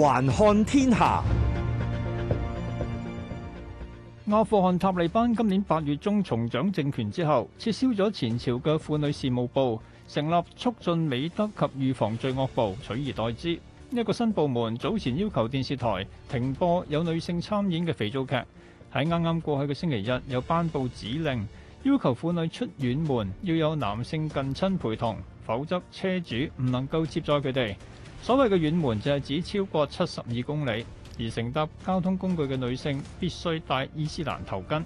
環看天下，阿富汗塔利班今年八月中重掌政權之後，撤銷咗前朝嘅婦女事務部，成立促進美德及預防罪惡部取而代之。一個新部門早前要求電視台停播有女性參演嘅肥皂劇。喺啱啱過去嘅星期日，有頒布指令，要求婦女出遠門要有男性近親陪同，否則車主唔能夠接載佢哋。所謂嘅遠門就係指超過七十二公里，而乘搭交通工具嘅女性必須戴伊斯蘭頭巾。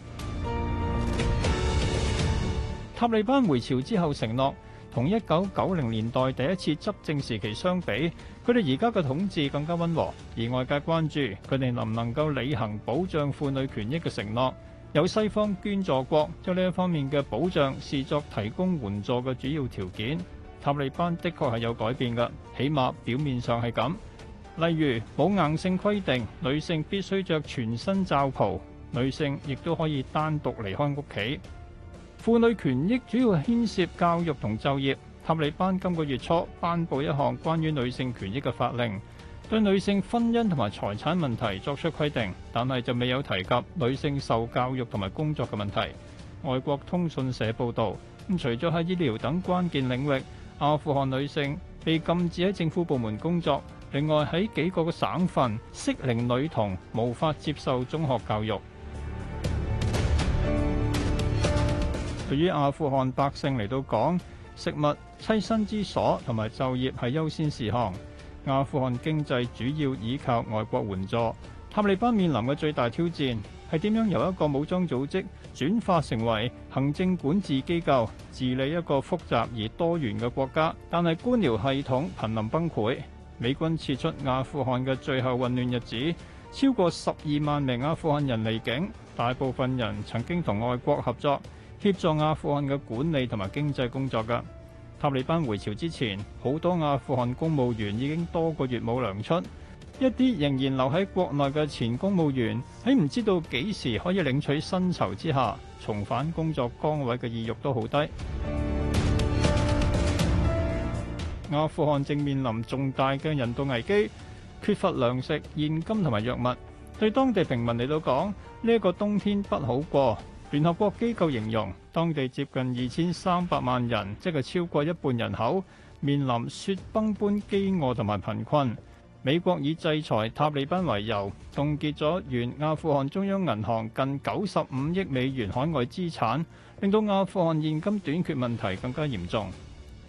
塔利班回朝之後承諾，同一九九零年代第一次執政時期相比，佢哋而家嘅統治更加溫和，而外界關注佢哋能唔能夠履行保障婦女權益嘅承諾。有西方捐助國將呢一方面嘅保障視作提供援助嘅主要條件。塔利班的確係有改變嘅，起碼表面上係咁。例如冇硬性規定女性必須着全身罩袍，女性亦都可以單獨離開屋企。婦女權益主要牽涉教育同就業。塔利班今個月初頒布一項關於女性權益嘅法令，對女性婚姻同埋財產問題作出規定，但係就未有提及女性受教育同埋工作嘅問題。外國通訊社報道，咁除咗喺醫療等關鍵領域。阿富汗女性被禁止喺政府部門工作，另外喺幾個嘅省份適齡女童無法接受中學教育。 對於阿富汗百姓嚟到講，食物、棲身之所同埋就業係優先事項，阿富汗經濟主要依靠外國援助，塔利班面臨嘅最大挑戰係點樣由一個武裝組織轉化成為行政管治機構，治理一個複雜而多元嘅國家？但係官僚系統瀕臨崩潰，美軍撤出阿富汗嘅最後混亂日子，超過十二萬名阿富汗人離境，大部分人曾經同外國合作協助阿富汗嘅管理同埋經濟工作嘅。塔利班回朝之前，好多阿富汗公務員已經多個月冇糧出。一啲仍然留喺國內嘅前公務員喺唔知道幾時可以領取薪酬之下，重返工作崗位嘅意欲都好低。阿富汗正面臨重大嘅人道危機，缺乏糧食、現金同埋藥物，對當地平民嚟到講，呢一個冬天不好過。聯合國機構形容，當地接近二千三百萬人，即係超過一半人口，面臨雪崩般饑餓同埋貧困。美國以制裁塔利班為由，凍結咗原阿富汗中央銀行近九十五億美元海外資產，令到阿富汗現金短缺問題更加嚴重。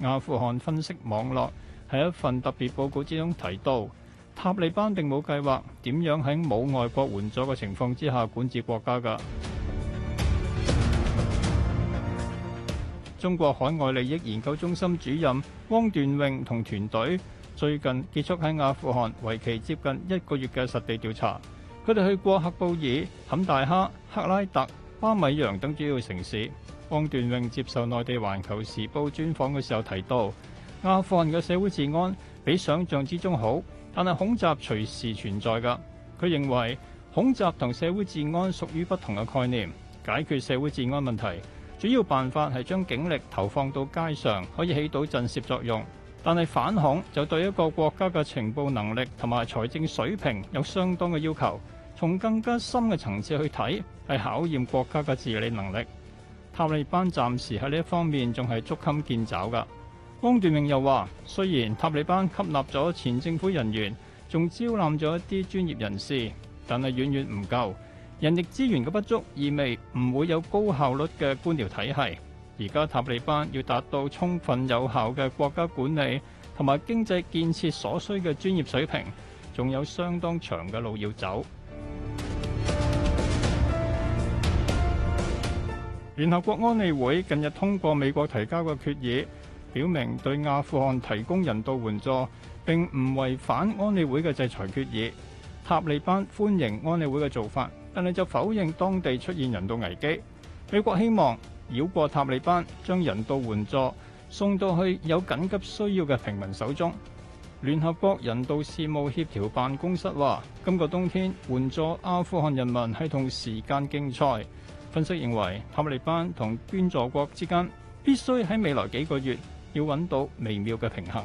阿富汗分析網絡喺一份特別報告之中提到，塔利班並冇計劃點樣喺冇外國援助嘅情況之下管治國家㗎。中國海外利益研究中心主任汪段泳同團隊。最近結束喺阿富汗，為期接近一個月嘅實地調查，佢哋去過喀布爾、坎大哈、克拉特、巴米揚等主要城市。王段榮接受內地《環球時報》專訪嘅時候提到，阿富汗嘅社會治安比想像之中好，但係恐襲隨時存在㗎。佢認為恐襲同社會治安屬於不同嘅概念，解決社會治安問題主要辦法係將警力投放到街上，可以起到震懾作用。但係反恐就對一個國家嘅情報能力同埋財政水平有相當嘅要求。從更加深嘅層次去睇，係考驗國家嘅治理能力。塔利班暫時喺呢一方面仲係捉襟見肘㗎。汪段明又話：雖然塔利班吸納咗前政府人員，仲招攬咗一啲專業人士，但係遠遠唔夠。人力資源嘅不足意味唔會有高效率嘅官僚體系。而家塔利班要達到充分有效嘅國家管理同埋經濟建設所需嘅專業水平，仲有相當長嘅路要走。聯合國安理會近日通過美國提交嘅決議，表明對阿富汗提供人道援助並唔違反安理會嘅制裁決議。塔利班歡迎安理會嘅做法，但係就否認當地出現人道危機。美國希望繞過塔利班，將人道援助送到去有緊急需要嘅平民手中。聯合國人道事務協調辦公室話：今個冬天，援助阿富汗人民係同時間競賽。分析認為，塔利班同捐助國之間必須喺未來幾個月要搵到微妙嘅平衡。